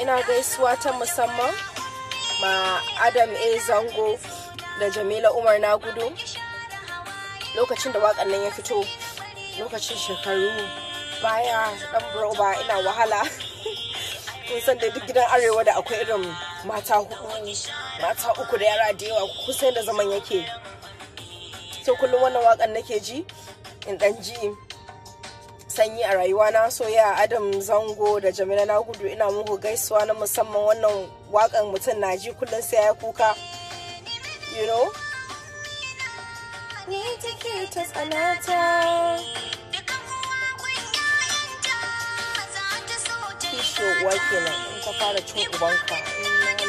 ina gaisuwa ta musamman ma adam a zango da jamila umar na gudu lokacin da wakan nan ya fito lokacin shekaru baya dan roba ina wahala kun san da duk gidan arewa da akwai irin mata hudu mata uku da yara da yawa kusan da zaman yake to kullum wannan wakan nake ji in dan ji sanyi a rayuwa na soya adam zango da jamila na gudu ina muku gaisuwa na musamman wannan wakan mutum na ji kullum sai ya kuka you know ni take ta tsanata kishiyo uwa kenan in ka fara cin ubanka